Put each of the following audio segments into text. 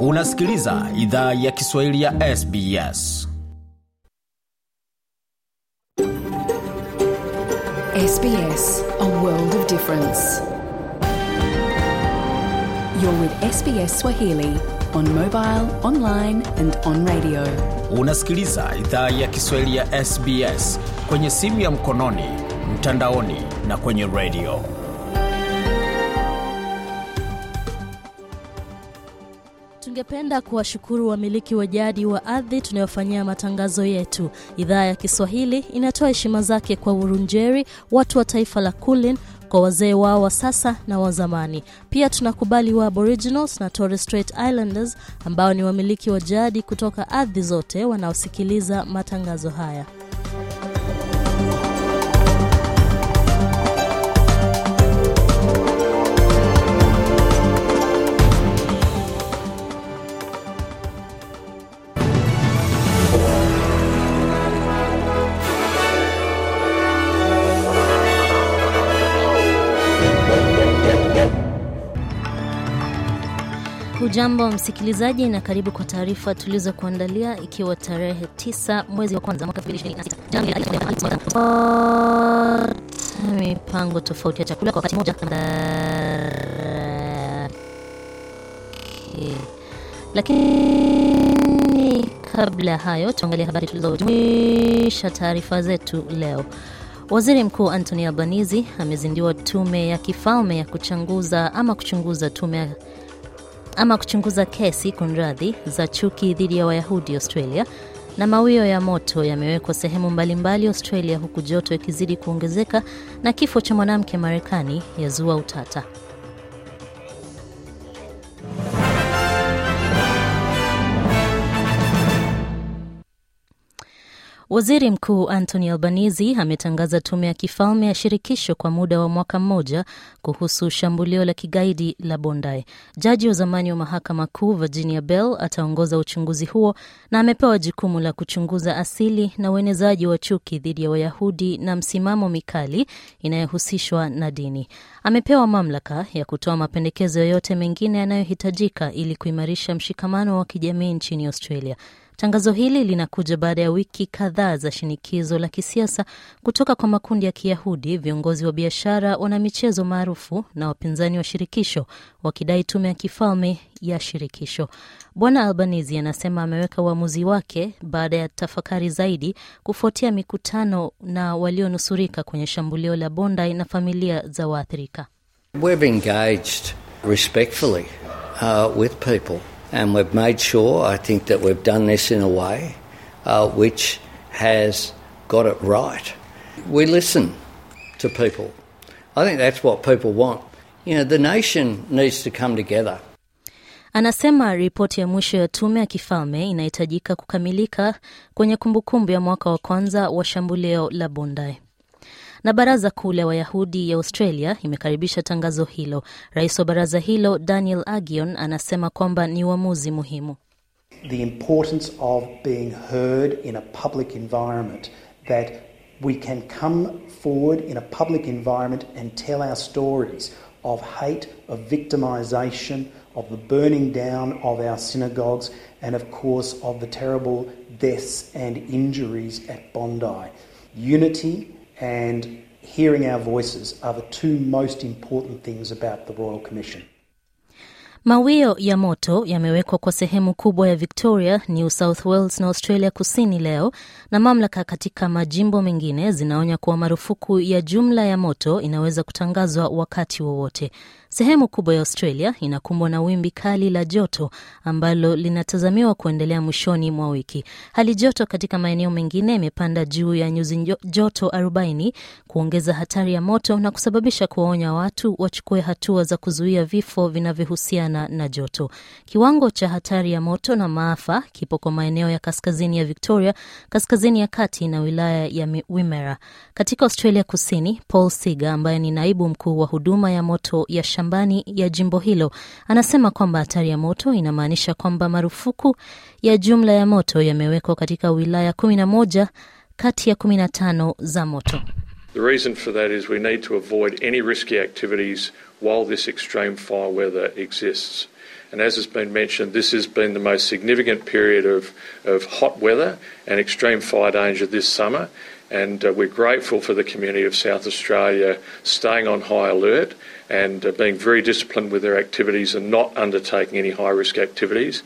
Unasikiliza idhaa ya Kiswahili ya SBS. SBS, a world of difference. You're with SBS Swahili on mobile, online and on radio. Unasikiliza idhaa ya Kiswahili ya SBS kwenye simu ya mkononi, mtandaoni na kwenye radio. Ningependa kuwashukuru wamiliki wa jadi wa ardhi tunayofanyia matangazo yetu. Idhaa ya Kiswahili inatoa heshima zake kwa Urunjeri, watu wa taifa la Kulin, kwa wazee wao wa sasa na wa zamani. Pia tunakubali wa Aboriginals na Torres Strait Islanders ambao ni wamiliki wa jadi kutoka ardhi zote wanaosikiliza matangazo haya. Hujambo msikilizaji, na karibu kwa taarifa tulizokuandalia, ikiwa tarehe 9 mwezi wa kwanza mwaka 2026. Mipango tofauti ya chakula kwa wakati mmoja. Lakini kabla ya hayo, tuangalie habari tulizojumuisha taarifa zetu leo. Waziri Mkuu Anthony Albanese amezindiwa tume ya kifalme ya kuchanguza ama kuchunguza tume ya ama kuchunguza kesi kunradhi za chuki dhidi ya Wayahudi Australia na mawio ya moto yamewekwa sehemu mbalimbali Australia huku joto ikizidi kuongezeka na kifo cha mwanamke Marekani yazua utata. Waziri Mkuu Anthony Albanese ametangaza tume ya kifalme ya shirikisho kwa muda wa mwaka mmoja kuhusu shambulio la kigaidi la Bondi. Jaji wa zamani wa mahakama kuu Virginia Bell ataongoza uchunguzi huo na amepewa jukumu la kuchunguza asili na uenezaji wa chuki dhidi ya Wayahudi na msimamo mikali inayohusishwa na dini. Amepewa mamlaka ya kutoa mapendekezo yoyote mengine yanayohitajika ili kuimarisha mshikamano wa kijamii nchini Australia. Tangazo hili linakuja baada ya wiki kadhaa za shinikizo la kisiasa kutoka kwa makundi ya Kiyahudi, viongozi wa biashara, wanamichezo maarufu na wapinzani wa shirikisho wakidai tume ya kifalme ya shirikisho. Bwana Albanese anasema ameweka uamuzi wake baada ya tafakari zaidi kufuatia mikutano na walionusurika kwenye shambulio la Bondi na familia za waathirika. We've engaged respectfully, uh, with people and we've made sure, I think, that we've done this in a way uh, which has got it right. We listen to people. I think that's what people want. You know, the nation needs to come together. Anasema ripoti ya mwisho ya tume ya kifalme inahitajika kukamilika kwenye kumbukumbu ya mwaka wa kwanza wa shambulio la bundai na Baraza Kuu la Wayahudi ya Australia imekaribisha tangazo hilo. Rais wa baraza hilo Daniel Agion anasema kwamba ni uamuzi muhimu. The importance of being heard in a public environment that we can come forward in a public environment and tell our stories of hate, of victimization of the burning down of our synagogues and of course of the terrible deaths and injuries at Bondi. Unity and hearing our voices are the two most important things about the Royal Commission. Mawio ya moto yamewekwa kwa sehemu kubwa ya Victoria, New South Wales na Australia Kusini leo, na mamlaka katika majimbo mengine zinaonya kuwa marufuku ya jumla ya moto inaweza kutangazwa wakati wowote. Sehemu kubwa ya Australia inakumbwa na wimbi kali la joto ambalo linatazamiwa kuendelea mwishoni mwa wiki. Hali joto katika maeneo mengine imepanda juu ya nyuzi joto 40 kuongeza hatari ya moto na kusababisha kuwaonya watu wachukue hatua za kuzuia vifo vinavyohusiana kukabiliana na joto. Kiwango cha hatari ya moto na maafa kipo kwa maeneo ya kaskazini ya Victoria, kaskazini ya kati na wilaya ya Wimmera. Katika Australia Kusini, Paul Siga ambaye ni naibu mkuu wa huduma ya moto ya shambani ya jimbo hilo anasema kwamba hatari ya moto inamaanisha kwamba marufuku ya jumla ya moto yamewekwa katika wilaya kumi na moja kati ya kumi na tano za moto. The reason for that is we need to avoid any risky activities while this extreme fire weather exists. And as has been mentioned, this has been the most significant period of, of hot weather and extreme fire danger this summer. And uh, we're grateful for the community of South Australia staying on high alert and uh, being very disciplined with their activities and not undertaking any high risk activities.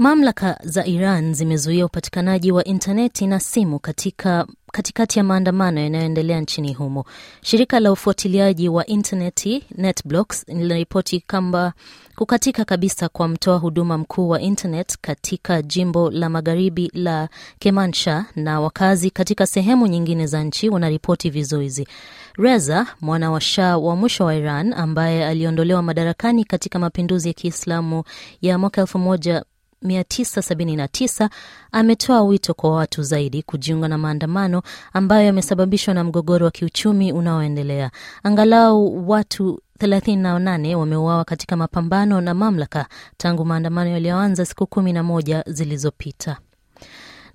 Mamlaka za Iran zimezuia upatikanaji wa intaneti na simu katika katikati ya maandamano yanayoendelea nchini humo. Shirika la ufuatiliaji wa intaneti NetBlocks linaripoti kwamba kukatika kabisa kwa mtoa huduma mkuu wa intanet katika jimbo la magharibi la kemansha na wakazi katika sehemu nyingine za nchi wanaripoti vizuizi. Reza, mwana wa Shah wa mwisho wa Iran ambaye aliondolewa madarakani katika mapinduzi ya Kiislamu ya mwaka elfu moja 979 ametoa wito kwa watu zaidi kujiunga na maandamano ambayo yamesababishwa na mgogoro wa kiuchumi unaoendelea. Angalau watu 38 wameuawa katika mapambano na mamlaka tangu maandamano yaliyoanza siku 11 zilizopita.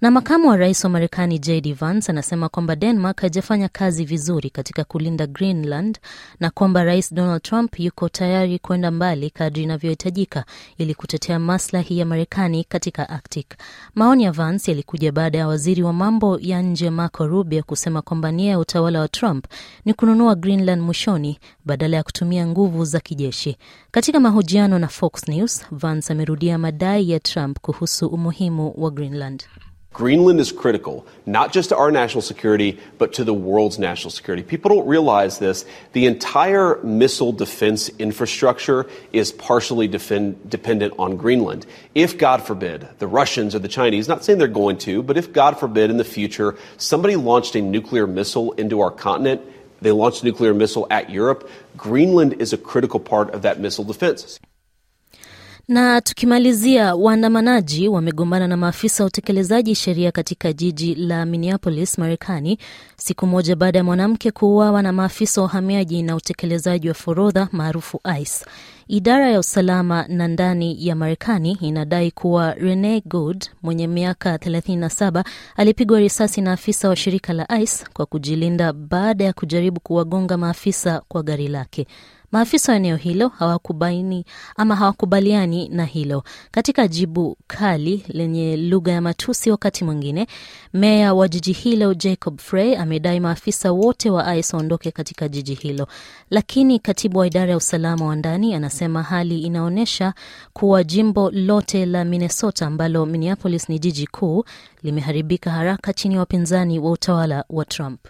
Na makamu wa rais wa Marekani JD Vance anasema kwamba Denmark haijafanya kazi vizuri katika kulinda Greenland na kwamba Rais Donald Trump yuko tayari kwenda mbali kadri inavyohitajika ili kutetea maslahi ya Marekani katika Arctic. Maoni ya Vance yalikuja baada ya waziri wa mambo ya nje Marco Rubio kusema kwamba nia ya utawala wa Trump ni kununua Greenland mwishoni badala ya kutumia nguvu za kijeshi. Katika mahojiano na Fox News, Vance amerudia madai ya Trump kuhusu umuhimu wa Greenland. Greenland is critical, not just to our national security, but to the world's national security. People don't realize this. The entire missile defense infrastructure is partially defend, dependent on Greenland. If, God forbid, the Russians or the Chinese, not saying they're going to, but if, God forbid, in the future, somebody launched a nuclear missile into our continent, they launched a nuclear missile at Europe, Greenland is a critical part of that missile defense. Na tukimalizia, waandamanaji wamegombana na maafisa wa utekelezaji sheria katika jiji la Minneapolis, Marekani, siku moja baada ya mwanamke kuuawa na maafisa wa uhamiaji na utekelezaji wa forodha maarufu ICE. Idara ya usalama na ndani ya Marekani inadai kuwa Rene Good mwenye miaka 37 alipigwa risasi na afisa wa shirika la ICE kwa kujilinda baada ya kujaribu kuwagonga maafisa kwa gari lake. Maafisa wa eneo hilo hawakubaini ama hawakubaliani na hilo. Katika jibu kali lenye lugha ya matusi wakati mwingine, meya wa jiji hilo Jacob Frey amedai maafisa wote wa ICE waondoke katika jiji hilo, lakini katibu wa idara ya usalama wa ndani anasema hali inaonyesha kuwa jimbo lote la Minnesota ambalo Minneapolis ni jiji kuu limeharibika haraka chini ya wapinzani wa utawala wa Trump.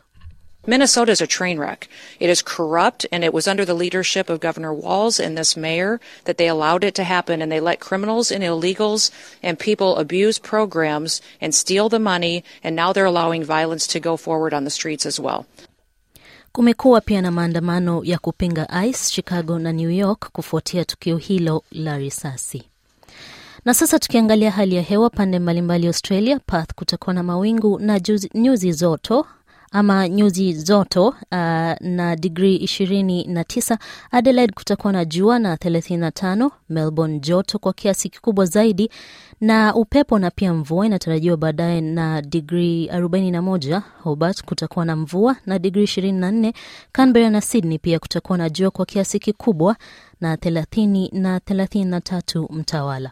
Minnesota is a train wreck. It is corrupt, and it was under the leadership of Governor Walls and this mayor that they allowed it to happen, and they let criminals and illegals and people abuse programs and steal the money, and now they're allowing violence to go forward on the streets as well. Kumekuwa pia na maandamano ya kupinga ICE Chicago na New York kufuatia tukio hilo la risasi. Na sasa tukiangalia hali ya hewa pande mbalimbali Australia, path kutakuwa na mawingu na nyuzi joto ama nyuzi joto uh, na digrii ishirini na tisa. Adelaide kutakuwa na jua na thelathini na tano. Melbourne joto kwa kiasi kikubwa zaidi na upepo na pia mvua inatarajiwa baadaye na digrii 41. Hobart kutakuwa na mvua na digrii 24. canbera na Sydney pia kutakuwa na jua kwa kiasi kikubwa na 30 na 33 mtawala.